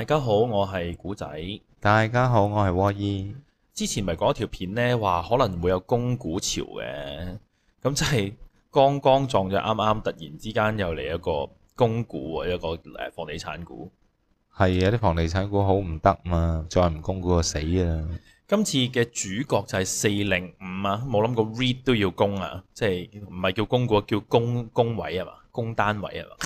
大家好，我係古仔。大家好，我係沃伊。之前咪講一條片呢，話可能會有供股潮嘅。咁即係剛剛撞咗，啱啱突然之間又嚟一個供股啊，一個誒房地產股。係啊，啲房地產股好唔得嘛，再唔供股就死啊！今次嘅主角就係四零五啊，冇諗過 REIT 都要供啊，即係唔係叫供股，叫供供位啊嘛，供單位啊嘛。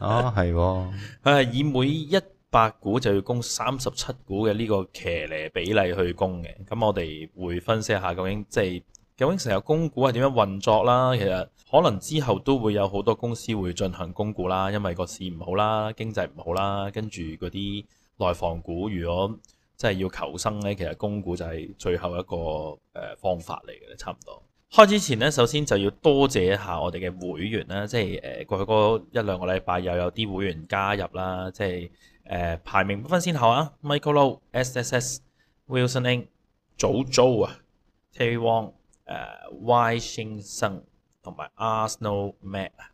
啊、哦，係、哦，啊 以每一。八股就要供三十七股嘅呢個騎呢比例去供嘅，咁我哋會分析一下究竟即係究竟成日供股係點樣運作啦？其實可能之後都會有好多公司會進行供股啦，因為個市唔好啦，經濟唔好啦，跟住嗰啲內房股如果即係要求生咧，其實供股就係最後一個誒、呃、方法嚟嘅咧，差唔多。開之前咧，首先就要多謝一下我哋嘅會員啦，即係誒、呃、過去一兩個禮拜又有啲會員加入啦，即係。誒排名不分先後啊，Michael Low S S S Wilson Inc 祖租啊，Terry Wong Y Sing Son 同埋 Arsenal Mac 啊，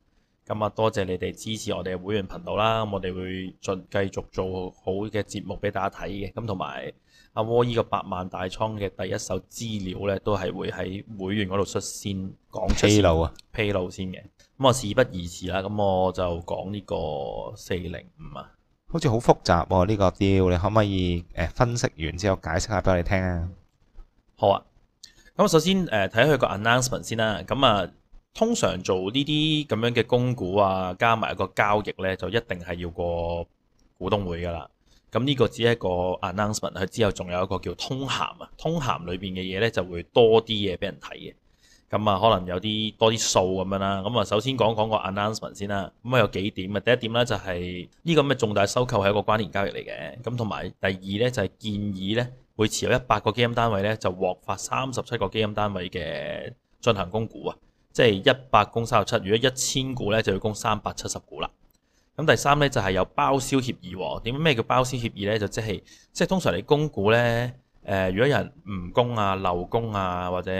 咁啊、uh, -No 嗯、多謝你哋支持我哋嘅會員頻道啦、嗯，我哋會進繼續做好嘅節目俾大家睇嘅，咁同埋阿 w a 依個百萬大倉嘅第一手資料咧，都係會喺會員嗰度率先講披露啊披露先嘅。咁啊，事不宜遲啦，咁、嗯、我就講呢個四零五啊。好似好複雜喎、啊、呢、呢個 deal，你可唔可以分析完之後解釋下俾我哋聽啊？好啊，咁首先誒睇佢個 announcement 先啦。咁啊，通常做呢啲咁樣嘅供股啊，加埋個交易咧，就一定係要過股東會噶啦。咁呢個只係一個 announcement，佢之後仲有一個叫通函啊。通函裏面嘅嘢咧，就會多啲嘢俾人睇嘅。咁、嗯、啊，可能有啲多啲數咁樣啦。咁、嗯、啊，首先講講個 announcement 先啦。咁、嗯、啊，有幾點啊？第一點咧就係、是、呢、這個咩重大收購係一個關聯交易嚟嘅。咁同埋第二咧就係、是、建議咧，會持有100個基金單位咧就獲發37個基金單位嘅進行供股啊。即係一百供三十七。如果一千股咧就要供三百七十股啦。咁、嗯、第三咧就係、是、有包銷協議喎。點咩叫包銷協議咧？就、就是、即係即係通常你供股咧。呃、如果有人唔供啊、漏供啊，或者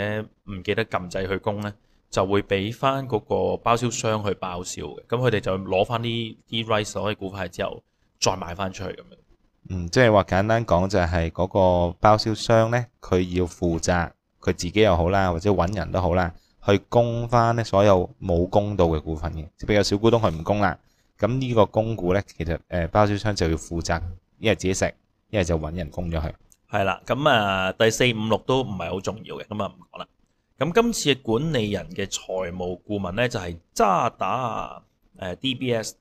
唔記得撳掣去供呢，就會俾翻嗰個包銷商去包銷嘅。咁佢哋就攞翻呢啲 rise 攞啲股份之後，再賣翻出去咁樣。嗯，即係話簡單講就係、係、嗰、嗰個包銷商呢，佢要負責佢自己又好啦，或者揾人都好啦，去供翻呢所有冇供到嘅股份嘅，即係比較小股東去唔供啦。咁呢個供股呢，其實、呃、包銷商就要負責，一係自己食，一係就揾人供咗佢。係啦，咁啊第四五六都唔係好重要嘅，咁啊唔講啦。咁今次嘅管理人嘅財務顧問咧就係、是、渣打、誒、呃、DBS、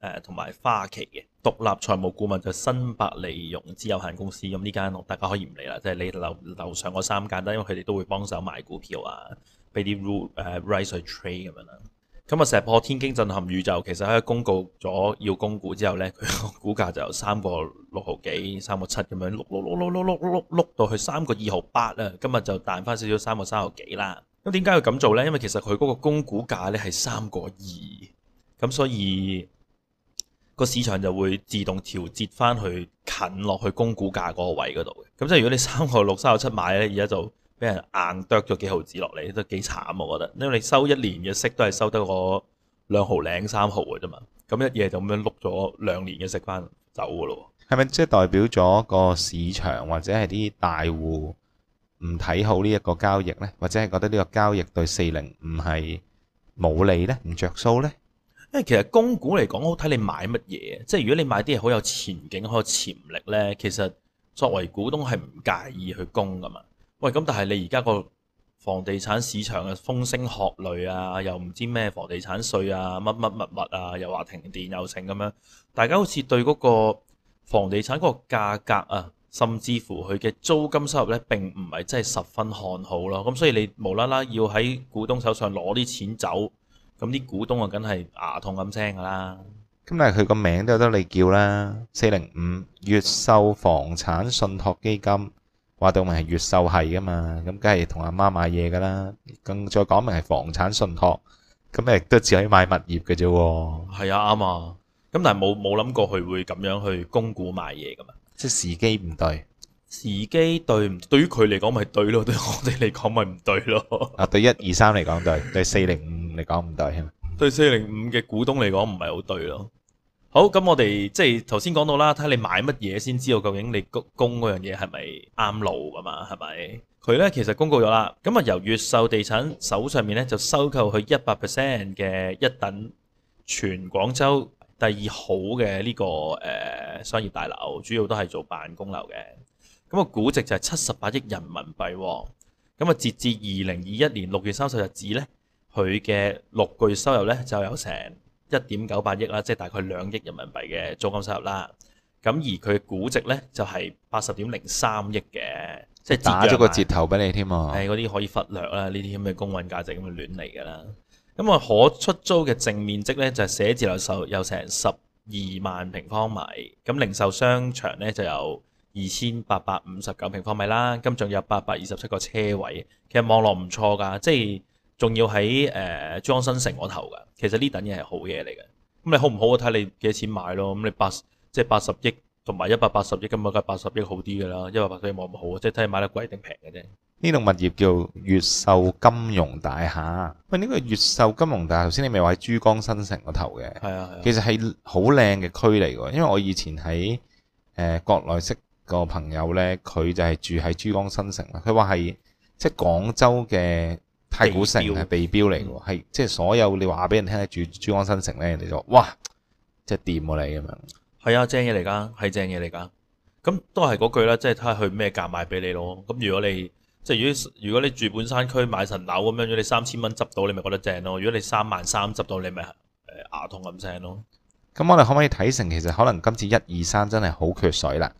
呃、誒同埋花旗嘅獨立財務顧問就新百利融資有限公司。咁呢間我大家可以唔理啦，即、就、係、是、你樓樓上嗰三間，因為佢哋都會幫手買股票 Root, 啊，俾啲 rule 誒 r i s e 去 trade 咁樣啦。今日石破天驚震撼宇宙，其實喺公告咗要供股之後呢，佢個股價就三個六毫幾，三個七咁樣，碌碌碌碌碌碌碌碌到去三個二毫八啦。今日就彈翻少少 3. 3，三個三毫幾啦。咁點解要咁做呢？因為其實佢嗰個供股價呢係三個二，咁所以個市場就會自動調節翻去近落去供股價嗰個位嗰度嘅。咁即係如果你三個六、三個七買呢，而家就～俾人硬剁咗幾毫子落嚟，都幾慘我覺得，因為你收一年嘅息都係收得個兩毫零三毫嘅啫嘛，咁一夜就咁樣碌咗兩年嘅息翻走嘅咯。係咪即係代表咗個市場或者係啲大戶唔睇好呢一個交易呢？或者係覺得呢個交易對四零唔係冇利呢？唔着數呢？因為其實供股嚟講，好睇你買乜嘢。即係如果你買啲係好有前景、好有潛力呢，其實作為股東係唔介意去供㗎嘛。喂，咁但係你而家個房地產市場嘅風聲鶴唳啊，又唔知咩房地產稅啊，乜乜物物啊，又話停電又剩咁樣，大家好似對嗰個房地產個價格啊，甚至乎佢嘅租金收入呢，並唔係真係十分看好咯。咁所以你無啦啦要喺股東手上攞啲錢走，咁啲股東啊，梗係牙痛咁聲噶啦。咁但係佢個名都有得你叫啦，四零五越秀房產信託基金。話到明係越秀係噶嘛，咁梗係同阿媽買嘢噶啦。咁再講明係房產信託，咁亦都只可以買物業嘅啫。係啊，啱啊。咁但係冇冇諗過佢會咁樣去供股買嘢噶嘛？即時機唔對，時機對，對於佢嚟講咪對咯，對我哋嚟講咪唔對咯。啊，對一二三嚟講對，對四零五嚟講唔對啊。對四零五嘅股東嚟講唔係好對咯。好，咁我哋即係頭先講到啦，睇下你買乜嘢先知道究竟你供嗰樣嘢係咪啱路㗎嘛？係咪？佢呢其實公告咗啦，咁啊由越秀地產手上面呢，就收購佢一百 percent 嘅一等全廣州第二好嘅呢個誒商業大樓，主要都係做辦公樓嘅。咁個估值就係七十八億人民幣。咁啊截至二零二一年六月三十日止呢，佢嘅六個月收入呢就有成一點九八億啦，即係大概兩億人民幣嘅租金收入啦。咁而佢估值呢，就係八十點零三億嘅，即係打咗個折頭俾你添啊。係嗰啲可以忽略啦，呢啲咁嘅公允價值咁嘅亂嚟㗎啦。咁啊可出租嘅淨面積呢，就係寫字樓售有成十二萬平方米，咁零售商場呢，就有二千八百五十九平方米啦。咁仲有八百二十七個車位，其實網絡唔錯㗎，即係。仲要喺誒、呃、珠江新城嗰頭㗎，其實呢等嘢係好嘢嚟嘅。咁你好唔好啊？睇你幾錢買咯。咁你八即係八十億同埋一百八十億，咁啊梗八十億好啲㗎啦。一百八十億冇咁好啊，即係睇你買得貴定平嘅啫。呢棟物業叫越秀金融大廈。喂，呢、這個越秀金融大廈，頭先你咪話喺珠江新城嗰頭嘅。係啊，係啊，其實係好靚嘅區嚟㗎，因為我以前喺誒、呃、國內識個朋友咧，佢就係住喺珠江新城啦。佢話係即係廣州嘅。太古城係地標嚟嘅，係即係所有你話俾人聽喺住珠江新城咧，人哋就哇，即係掂喎你咁樣。係啊，正嘢嚟噶，係正嘢嚟噶。咁都係嗰句啦，即係睇下佢咩價賣俾你咯。咁如果你即係、就是、如果如果你住半山區買層樓咁樣，如果你三千蚊執到，你咪覺得正咯。如果你三萬三執到，你咪、呃、牙痛咁聲咯。咁我哋可唔可以睇成，其實可能今次一二三真係好缺水啦。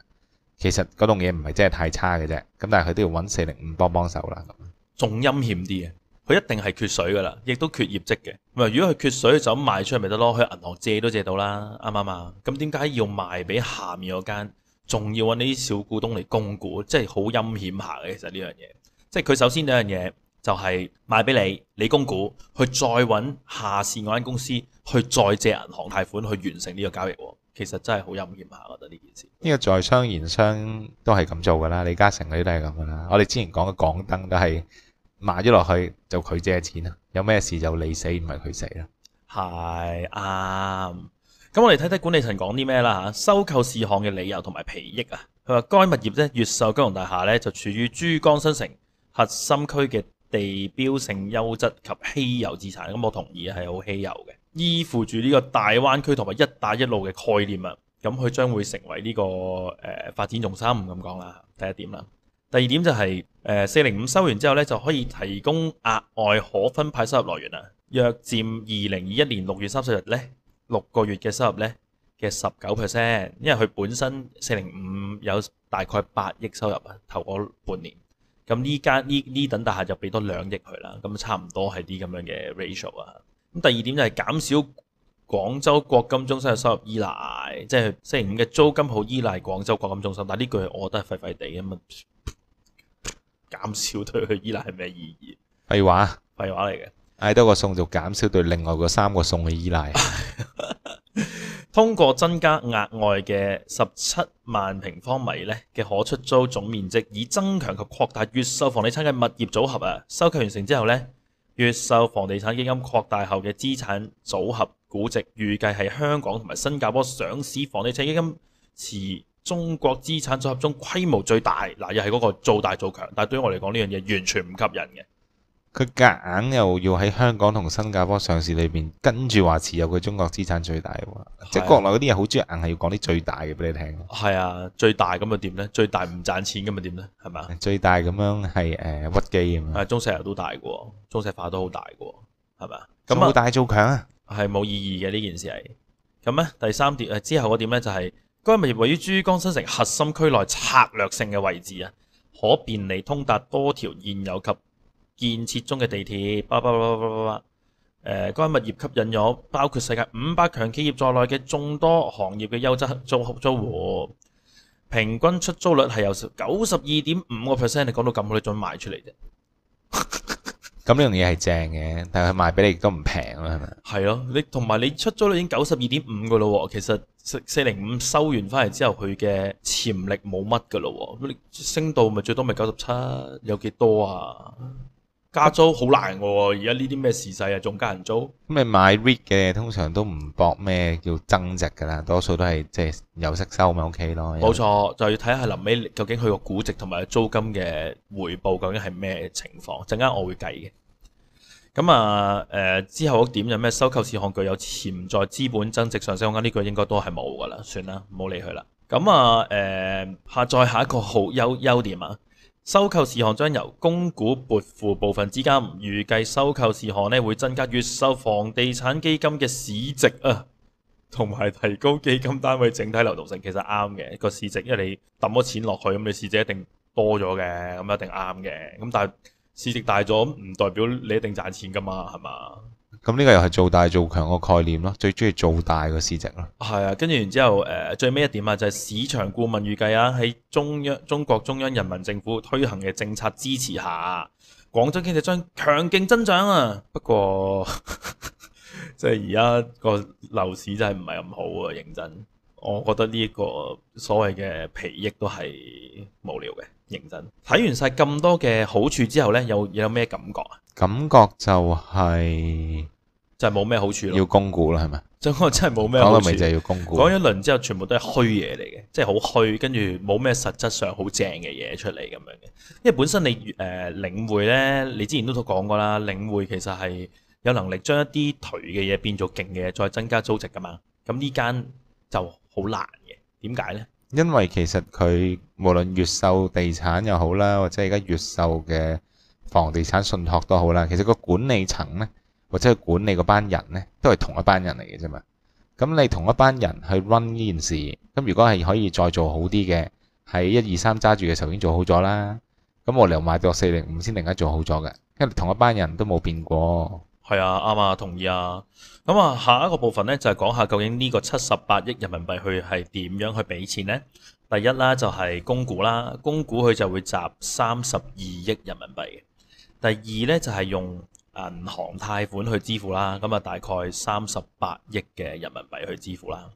其實嗰棟嘢唔係真係太差嘅啫，咁但係佢都要揾四零五幫幫手啦。咁仲陰險啲啊！佢一定係缺水噶啦，亦都缺業績嘅。如果佢缺水，就咁賣出去咪得咯？去銀行借都借到啦，啱唔啱啊？咁點解要賣俾下面嗰間，仲要揾啲小股東嚟供股？即係好陰險下嘅，其實呢樣嘢。即係佢首先呢一樣嘢就係、是、賣俾你，你供股，去再揾下線嗰間公司去再借銀行貸款去完成呢個交易。其實真係好陰險下，我覺得呢件事。呢個在商言商都係咁做噶啦，李嘉誠嗰啲都係咁噶啦。我哋之前講嘅港燈都係。買咗落去就佢借錢啦，有咩事就你死唔係佢死啦。係啱，咁我哋睇睇管理層講啲咩啦吓。收購事項嘅理由同埋裨益啊，佢話該物業咧越秀金融大廈咧就處於珠江新城核心區嘅地標性優質及稀有資產。咁我同意係好稀有嘅，依附住呢個大灣區同埋一帶一路嘅概念啊。咁佢將會成為呢、這個誒、呃、發展重心咁講啦。第一點啦。第二點就係誒，四零五收完之後咧，就可以提供額外可分派收入來源啦。約占二零二一年六月三十日咧六個月嘅收入咧嘅十九 percent，因為佢本身四零五有大概八億收入啊，投半年。咁呢間呢呢等大廈就俾多兩億佢啦。咁差唔多係啲咁樣嘅 ratio 啊。咁第二點就係減少廣州國金中心嘅收入依賴，即係四零五嘅租金好依賴廣州國金中心。但係呢句我覺得係廢廢地啊嘛。減少對佢依賴係咩意義？廢話，廢話嚟嘅。嗌多個送就減少對另外個三個送嘅依賴。 通過增加額外嘅十七萬平方米咧嘅可出租總面積，以增強及擴大越秀房地產嘅物業組合啊。收購完成之後呢，越秀房地產基金擴大後嘅資產組合估值預計係香港同埋新加坡上市房地產基金持中國資產組合中規模最大嗱、啊，又係嗰個做大做強，但係對於我嚟講呢樣嘢完全唔吸引嘅。佢夾硬又要喺香港同新加坡上市裏邊跟住話持有佢中國資產最大、啊、即係國內嗰啲人好中意硬係要講啲最大嘅俾你聽。係啊，最大咁咪點呢？最大唔賺錢咁咪點呢？係嘛？最大咁樣係誒屈機咁樣。啊，中石油都大過，中石化都好大過，係嘛？咁好大做強啊？係冇意義嘅呢件事係。咁咧，第三點誒、啊，之後嗰點咧就係、是。該物業位於珠江新城核心區內，策略性嘅位置啊，可便利通達多條現有及建設中嘅地鐵。叭叭叭叭叭叭，誒、呃，該物業吸引咗包括世界五百強企業在內嘅眾多行業嘅優質租租戶、嗯，平均出租率係有九十二點五個 percent。你講到咁好，你仲賣出嚟啫？咁呢樣嘢係正嘅，但係賣俾你都唔平啊，係咪？係咯，你同埋你出租率已經九十二點五個咯，其實。四零五收完翻嚟之後，佢嘅潛力冇乜噶咯。咁你升到咪最多咪九十七，有幾多啊？加租好難喎。而家呢啲咩時勢啊？仲加人租。咁你買 REIT 嘅通常都唔搏咩叫增值噶啦，多數都係即係有息收咪 ok 咯。冇錯，就要睇下臨尾究竟佢個估值同埋租金嘅回報究竟係咩情況。陣間我會計嘅。咁啊，誒、呃、之後嗰點有咩？收購事項具有潛在資本增值上升空間，呢句應該都係冇噶啦，算啦，唔好理佢啦。咁啊，誒下載下一個好優優點啊，收購事項將由供股撥付部分資金，預計收購事項呢會增加越秀房地產基金嘅市值啊，同埋提高基金單位整體流動性。其實啱嘅個市值，因為你抌咗錢落去，咁你市值一定多咗嘅，咁一定啱嘅。咁但市值大咗唔代表你一定賺錢㗎嘛，係嘛？咁、這、呢個又係做大做強個概念咯，最中意做大個市值咯。係啊，跟住然之後，誒、呃，最尾一點啊，就係、是、市場顧問預計啊，喺中央中國中央人民政府推行嘅政策支持下，廣州經濟將強勁增長啊。不過，即係而家個樓市真係唔係咁好啊，認真。我覺得呢一個所謂嘅皮益都係無聊嘅，認真睇完晒咁多嘅好處之後呢，有有咩感覺啊？感覺就係、是、嗯、就係冇咩好處咯。要供股啦，係咪？就真係係冇咩。講到尾就要供股。講一輪之後，全部都係虛嘢嚟嘅，即係好虛，跟住冇咩實質上好正嘅嘢出嚟咁樣嘅。因為本身你誒、呃、領匯呢，你之前都講過啦，領匯其實係有能力將一啲頹嘅嘢變做勁嘅嘢，再增加租值㗎嘛。咁呢間就。好難嘅，點解呢？因為其實佢無論越秀地產又好啦，或者而家越秀嘅房地產信託都好啦，其實個管理層呢，或者係管理嗰班人呢，都係同一班人嚟嘅啫嘛。咁你同一班人去 run 呢件事，咁如果係可以再做好啲嘅，喺一二三揸住嘅時候已經做好咗啦。咁冇理由買咗四零五先，而家做好咗嘅，因為同一班人都冇變過。係啊，啱啊，同意啊。咁啊，下一個部分咧，就係、是、講下究竟呢個七十八億人民幣去係點樣去俾錢呢？第一啦就係、是、供股啦，供股佢就會集三十二億人民幣。第二咧就係、是、用銀行貸款去支付啦。咁啊，大概三十八億嘅人民幣去支付啦。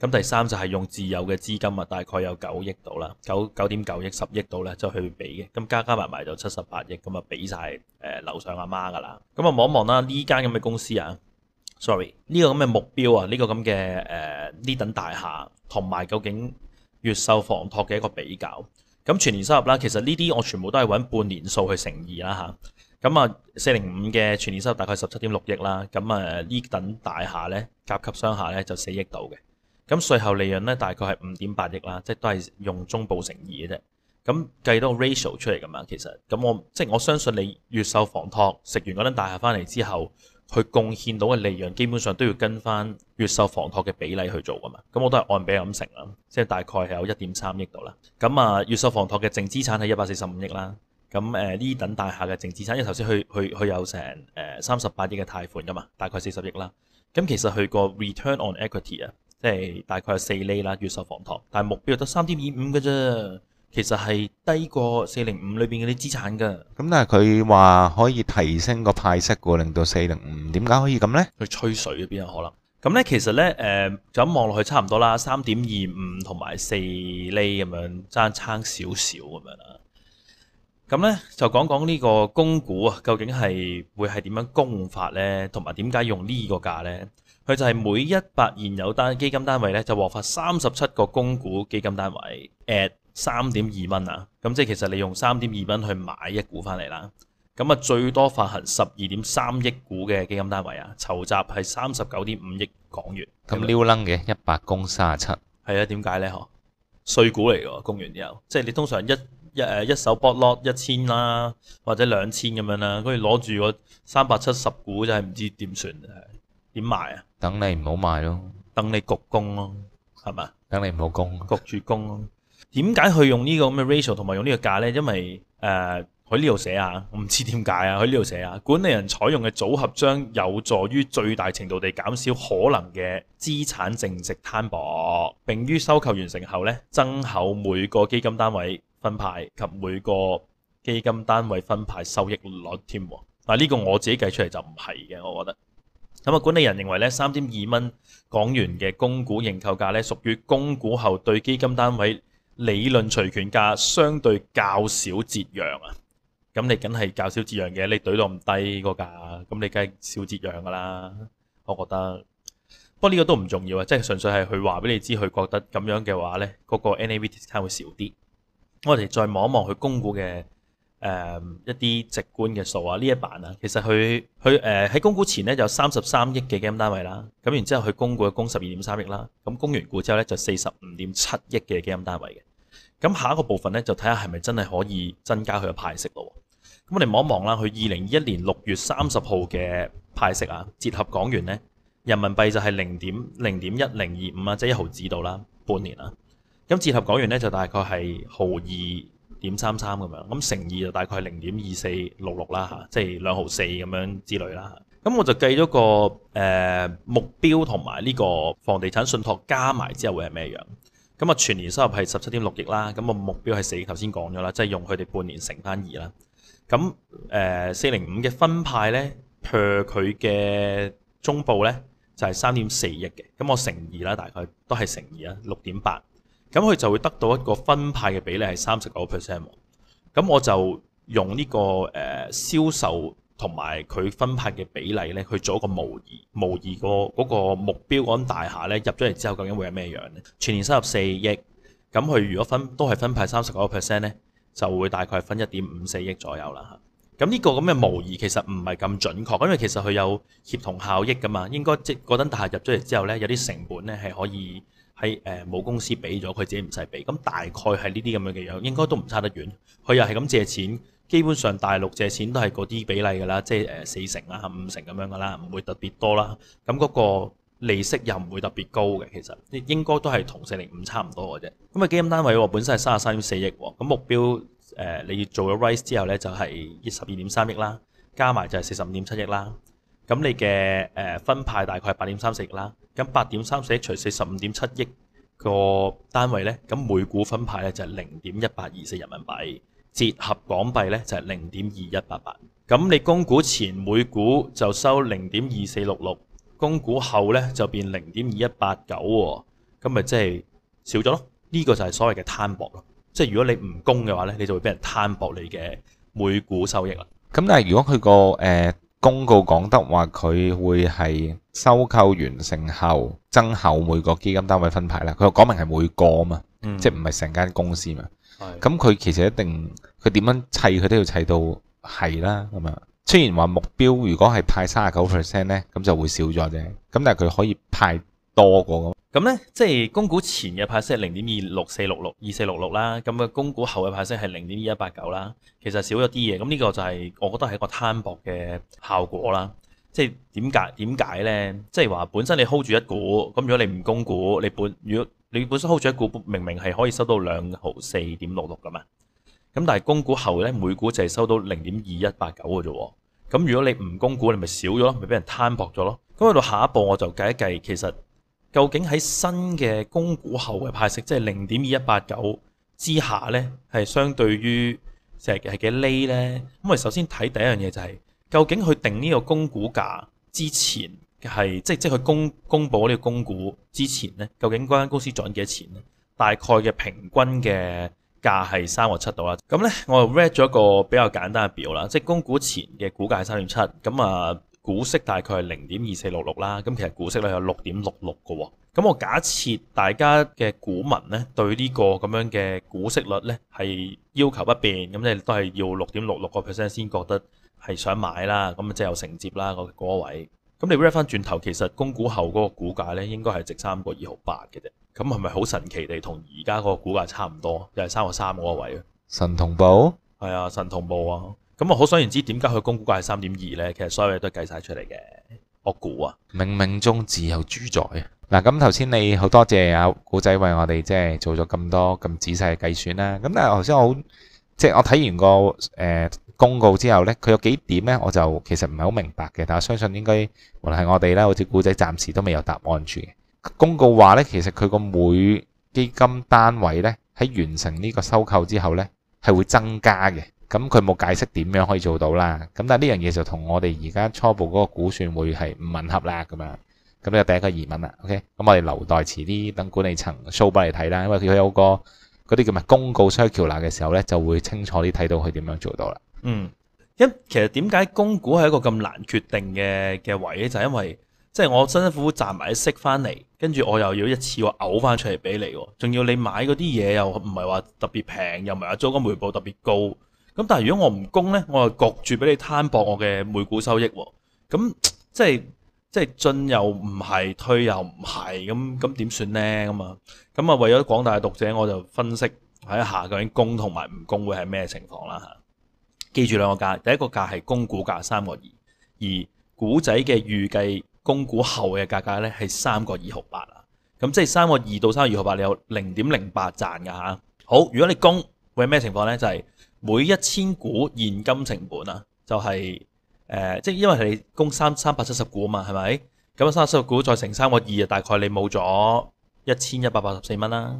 咁第三就係、是、用自有嘅資金啊，大概有九億到啦，九九點九億十億到咧，就去俾嘅。咁加加埋埋就七十八億，咁啊，俾晒誒樓上阿媽噶啦。咁啊，望一望啦呢間咁嘅公司啊，sorry 呢個咁嘅目標啊，呢、這個咁嘅誒呢等大廈同埋究竟越秀房託嘅一個比較咁全年收入啦。其實呢啲我全部都係揾半年數去乘二啦吓，咁啊，四零五嘅全年收入大概十七點六億啦。咁啊，呢等大廈咧甲級商廈咧就四億到嘅。咁稅後利潤咧，大概係五點八億啦，即係都係用中報乘二嘅啫。咁計多個 ratio 出嚟㗎嘛。其實咁我即係我相信你，越秀房託食完嗰間大廈翻嚟之後，佢貢獻到嘅利潤基本上都要跟翻越秀房託嘅比例去做㗎嘛。咁我都係按比例咁乘啦，即係大概係有一點三億度啦。咁啊，越秀房託嘅淨資產係一百四十五億啦。咁誒呢等大廈嘅淨資產，因為頭先佢佢佢有成誒三十八億嘅貸款㗎嘛，大概四十億啦。咁其實佢個 return on equity 啊。即係大概係四厘啦，越秀房託，但係目標得三點二五嘅啫，其實係低過四零五裏邊嗰啲資產㗎。咁但係佢話可以提升個派息㗎，令到四零五。點解可以咁呢？佢吹水嘅邊有可能？咁呢其實呢，誒、呃、就咁望落去差唔多啦，三點二五同埋四厘咁樣爭差少少咁樣啦。咁呢，就講講呢個供股啊，究竟係會係點樣供法呢？同埋點解用呢個價呢？佢就係每一百現有單基金單位咧，就獲發三十七個供股基金單位 at 三點二蚊啊。咁即係其實你用三點二蚊去買一股翻嚟啦。咁啊，最多發行十二點三億股嘅基金單位啊，籌集係三十九點五億港元。咁撩楞嘅一百供三十七。係啊。點解呢？嗬、哦，碎股嚟嘅，供完之後，即係你通常一一誒一手波落一千啦，或者兩千咁樣啦，跟住攞住個三百七十股就係唔知點算啊。點賣啊？等你唔好賣咯，等你焗供咯，係嘛？等你唔好供，啊，焗住供咯。點解佢用呢個咁嘅 ratio 同埋用呢個價呢？因為誒喺呢度寫啊，我唔知點解啊，喺呢度寫啊。管理人採用嘅組合將有助於最大程度地減少可能嘅資產淨值攤薄，並於收購完成後呢，增厚每個基金單位分派及每個基金單位分派收益率添。但，啊，呢，呢個我自己計出嚟就唔係嘅，我覺得。咁啊，管理人認為咧，三點二蚊港元嘅供股認購價咧，屬於供股後對基金單位理論除權價相對較少折讓啊！咁你梗係較少折讓嘅，你懟到唔低個價，咁你梗係少折讓噶啦，我覺得。不過呢個都唔重要啊，即係純粹係佢話俾你知，佢覺得咁樣嘅話咧，嗰個 NAV discount 會少啲。我哋再望一望佢供股嘅。誒、嗯、一啲直觀嘅數啊，呢一版啊，其實佢佢誒喺供股前呢，有三十三億嘅基金單位啦，咁然之後佢供股供十二點三億啦，咁供完股之後呢，就四十五點七億嘅基金單位嘅，咁下一個部分呢，就睇下係咪真係可以增加佢嘅派息咯。咁我哋望一望啦，佢二零二一年六月三十號嘅派息啊，折合港元呢，人民幣就係零點零點一零二五啊，即係一毫紙度啦，半年啊，咁折合港元呢，就大概係毫二。點三三咁樣，咁乘二就大概零點二四六六啦，嚇，即係兩毫四咁樣之類啦。咁我就計咗個誒目標同埋呢個房地產信託加埋之後會係咩樣？咁啊，全年收入係十七點六億啦。咁啊，目標係四，頭先講咗啦，即係用佢哋半年乘翻二啦。咁誒四零五嘅分派呢，佢嘅中部呢就係三點四億嘅。咁我乘二啦，大概都係乘二啊，六點八。咁佢就會得到一個分派嘅比例係三十九個 percent。咁我就用呢個誒銷售同埋佢分派嘅比例咧，去做一個模擬，模擬個嗰個目標嗰間大廈咧入咗嚟之後究竟會係咩樣呢？全年收入四億，咁佢如果分都係分派三十九個 percent 咧，就會大概分一點五四億左右啦嚇。咁呢個咁嘅模擬其實唔係咁準確，因為其實佢有協同效益噶嘛，應該即嗰間大廈入咗嚟之後咧，有啲成本咧係可以。喺誒冇公司俾咗佢自己唔使俾，咁大概係呢啲咁樣嘅樣，應該都唔差得遠。佢又係咁借錢，基本上大陸借錢都係嗰啲比例㗎啦，即係誒四成啦，嚇五成咁樣㗎啦，唔會特別多啦。咁嗰個利息又唔會特別高嘅，其實應該都係同四零五差唔多嘅啫。咁基金單位喎本身係三十三點四億喎，咁目標誒你做咗 rise 之後咧就係十二點三億啦，加埋就係四十五點七億啦。咁你嘅誒分派大概係八點三四億啦。咁八點三四億除四十五點七億個單位呢，咁每股分派呢就係零點一八二四人民幣，折合港幣呢就係零點二一八八。咁你供股前每股就收零點二四六六，供股後呢就變零點二一八九喎。咁咪即係少咗咯？呢個就係所謂嘅攤薄咯。即係如果你唔供嘅話呢，你就會俾人攤薄你嘅每股收益啦。咁但係如果佢個誒，呃公告講得話佢會係收購完成後增厚每個基金單位分派啦，佢又講明係每個嘛，嗯、即係唔係成間公司嘛。咁佢其實一定佢點樣砌佢都要砌到係啦咁樣。雖然話目標如果係派三十九 percent 咧，咁就會少咗啫。咁但係佢可以派。多過咁，咁咧即係供股前嘅派息係零點二六四六六二四六六啦，咁嘅供股後嘅派息係零點二一八九啦，其實少咗啲嘢，咁呢個就係我覺得係一個攤薄嘅效果啦。即係點解點解咧？即係話本身你 hold 住一股，咁如果你唔供股，你本如果你本身 hold 住一股，明明係可以收到兩毫四點六六噶嘛，咁但係供股後咧，每股就係收到零點二一八九嘅啫。咁如果你唔供股，你咪少咗咯，咪俾人攤薄咗咯。咁去到下一步，我就計一計，其實。究竟喺新嘅供股後嘅派息，即係零點二一八九之下咧，係相對於成日係幾釐咧？咁我哋首先睇第一樣嘢就係、是，究竟佢定呢個供股價之前，即係即係佢公公布呢個供股之前咧，究竟間公司賺咗幾多錢咧？大概嘅平均嘅價係三或七度啦。咁咧，我又 read 咗一個比較簡單嘅表啦，即係供股前嘅股價係三點七。咁啊。股息大概係零點二四六六啦，咁其實股息率有六點六六嘅，咁我假設大家嘅股民呢，對呢個咁樣嘅股息率呢，係要求不變，咁你都係要六點六六個 percent 先覺得係想買啦，咁即係有承接啦個、嗰個位。咁你 ref 翻轉頭，其實供股後嗰個股價呢，應該係值三個二毫八嘅啫，咁係咪好神奇地同而家嗰個股價差唔多，又係三個三個位啊？神同步？係啊，神同步啊！咁我，可想而知點解佢供股價係三點二咧？其實所有嘢都係計曬出嚟嘅。我估啊，冥冥中自有主宰啊！嗱，咁頭先你好多謝阿古仔為我哋即係做咗咁多咁仔細嘅計算啦。咁但係頭先我，即係我睇完個誒公告之後咧，佢有幾點咧，我就其實唔係好明白嘅。但係我相信應該無論係我哋啦，好似古仔，暫時都未有答案住。公告話咧，其實佢個每基金單位咧喺完成呢個收購之後咧係會增加嘅。咁佢冇解釋點樣可以做到啦。咁但係呢樣嘢就同我哋而家初步嗰個估算會係唔吻合啦。咁樣咁咧，第一個疑問啦。OK，咁我哋留待遲啲等管理層 show 俾你睇啦。因為佢有個嗰啲叫咩公告 circular 嘅時候呢，就會清楚啲睇到佢點樣做到啦。嗯，咁其實點解供股係一個咁難決定嘅嘅位？就係、是、因為即係、就是、我辛辛苦苦賺埋啲息翻嚟，跟住我又要一次話嘔翻出嚟俾你，仲要你買嗰啲嘢又唔係話特別平，又唔係話租金回報特別高。咁但係如果我唔供呢，我又焗住俾你攤薄我嘅每股收益喎。咁即係即係進又唔係，退又唔係，咁咁點算呢？咁啊，咁啊為咗廣大嘅讀者，我就分析睇下究竟供同埋唔供會係咩情況啦吓。記住兩個價，第一個價係供股價三個二，而股仔嘅預計供股後嘅價格呢係三個二毫八啊。咁即係三個二到三個二毫八，你有零點零八賺噶吓。好，如果你供會係咩情況呢？就係、是。每一千股現金成本啊、就是，就係誒，即係因為你供三三百七十股啊嘛，係咪？咁三百七十股再乘三個二啊，大概你冇咗一千一百八十四蚊啦。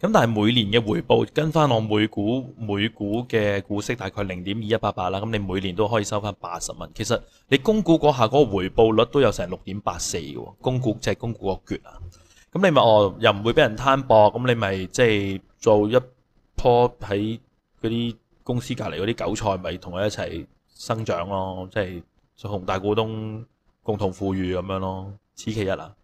咁、嗯、但係每年嘅回報跟翻我每股每股嘅股息大概零點二一八八啦，咁你每年都可以收翻八十蚊。其實你供股嗰下嗰個回報率都有成六點八四嘅喎，供股即係供股個鉸啊。咁你咪我、哦、又唔會俾人攤薄，咁你咪即係做一波喺嗰啲。公司隔離嗰啲韭菜咪同佢一齊生長咯，即係同大股東共同富裕咁樣咯，此其一啦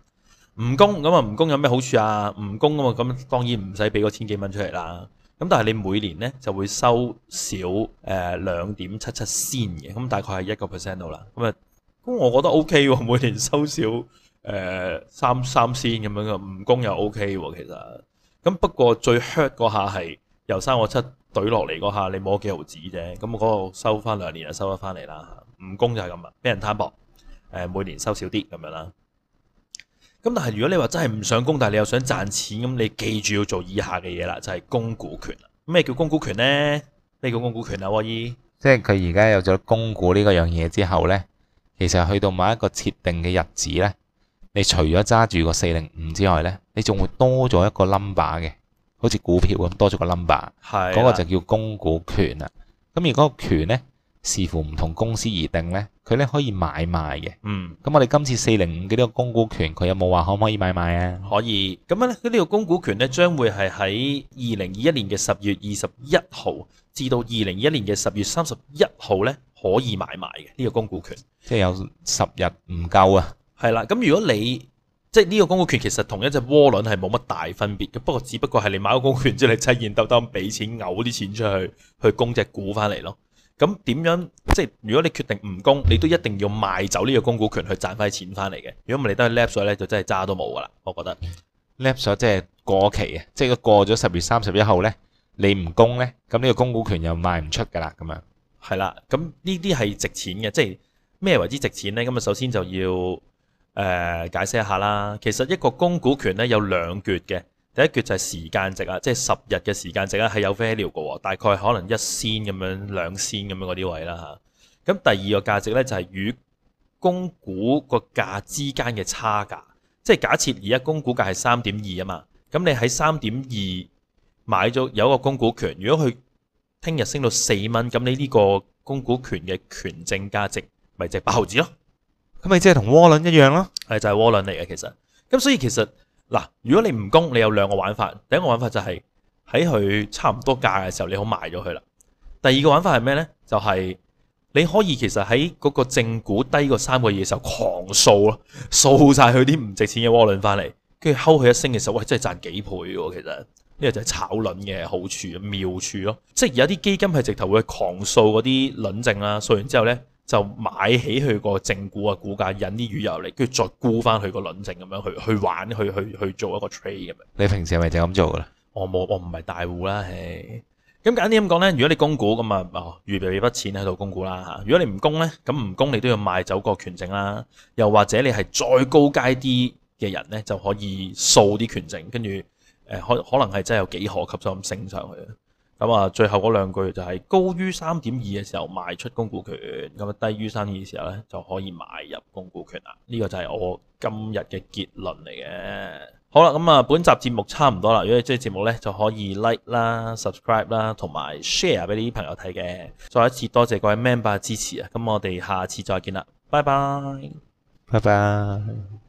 唔供。咁啊，唔供有咩好處啊？唔供啊嘛，咁當然唔使俾個千幾蚊出嚟啦。咁但係你每年咧就會收少誒兩點七七仙嘅，咁大概係一個 percent 到啦。咁啊，咁我覺得 OK 喎，每年收少誒三三仙咁樣嘅，唔供又 OK 喎其實。咁不過最 hurt 嗰下係。由三個七攤落嚟嗰下，你冇幾毫子啫。咁我嗰度收翻兩年就收返翻嚟啦。唔供就係咁啦，俾人攤薄。每年收少啲咁樣啦。咁但係如果你話真係唔想供，但係你又想賺錢，咁你記住要做以下嘅嘢啦，就係、是、供股權。咩叫供股權呢？咩叫供股權啊，沃爾。即係佢而家有咗供股呢個樣嘢之後呢，其實去到某一個設定嘅日子呢，你除咗揸住個四零五之外呢，你仲會多咗一個 number 嘅。好似股票咁多咗個 number，嗰個就叫供股權啦。咁而嗰個權呢，視乎唔同公司而定呢，佢呢可以買賣嘅。嗯，咁我哋今次四零五嘅呢個供股權，佢有冇話可唔可以買賣啊？可以。咁呢個供股權呢，將會係喺二零二一年嘅十月二十一號至到二零二一年嘅十月三十一號呢，可以買賣嘅呢個供股權。即係有十日唔夠啊？係啦，咁如果你即係呢個供股權其實同一隻窩輪係冇乜大分別嘅，不過只不過係你買個供股權之後，你趁現兜兜俾錢嘔啲錢出去，去供隻股翻嚟咯。咁點樣？即係如果你決定唔供，你都一定要賣走呢個供股權去賺翻啲錢翻嚟嘅。如果唔係，你都係 lap 鎖咧，就真係渣都冇噶啦。我覺得 lap 鎖即係過期啊，即係過咗十月三十一號咧，你唔供咧，咁呢個供股權又賣唔出噶啦。咁樣係啦，咁呢啲係值錢嘅，即係咩為之值錢咧？咁啊，首先就要。誒、呃、解釋一下啦，其實一個供股權咧，有兩橛嘅，第一橛就係時間值啊，即係十日嘅時間值啦，係有 value 嘅喎，大概可能一仙咁樣、兩仙咁樣嗰啲位啦吓。咁第二個價值咧就係、是、與供股個價之間嘅差價，即係假設而家供股價係三點二啊嘛，咁你喺三點二買咗有個供股權，如果佢聽日升到四蚊，咁你呢個供股權嘅權證價值咪值八毫子咯。咁你即係同窩輪一樣咯，係就係窩輪嚟嘅其實。咁所以其實嗱，如果你唔供，你有兩個玩法。第一個玩法就係喺佢差唔多價嘅時候，你好賣咗佢啦。第二個玩法係咩呢？就係你可以其實喺嗰個正股低過三個月嘅時候，狂掃咯，掃晒佢啲唔值錢嘅窩輪翻嚟，跟住睺佢一升嘅時候，喂，真係賺幾倍喎！其實呢個就係炒輪嘅好處、妙處咯。即係有啲基金係直頭會狂掃嗰啲輪證啦，掃完之後呢。就買起佢個正股啊，股價引啲漁油嚟，跟住再沽翻佢個輪證咁樣去去玩，去去去做一個 trade 咁樣。你平時係咪就咁做噶啦？我冇，我唔係大戶啦，係咁簡單啲咁講咧，如果你供股咁啊，預備筆錢喺度供股啦。如果你唔供咧，咁唔供你都要賣走個權證啦。又或者你係再高階啲嘅人咧，就可以掃啲權證，跟住誒可可能係真係有幾何級數咁升上去。咁啊，最後嗰兩句就係高於三點二嘅時候賣出供股權，咁啊低於三點二嘅時候咧就可以買入供股權啦。呢個就係我今日嘅結論嚟嘅。好啦，咁啊本集節目差唔多啦，如果你即係節目咧就可以 like 啦、subscribe 啦同埋 share 俾啲朋友睇嘅。再一次多謝各位 member 嘅支持啊！咁我哋下次再見啦，拜拜，拜拜。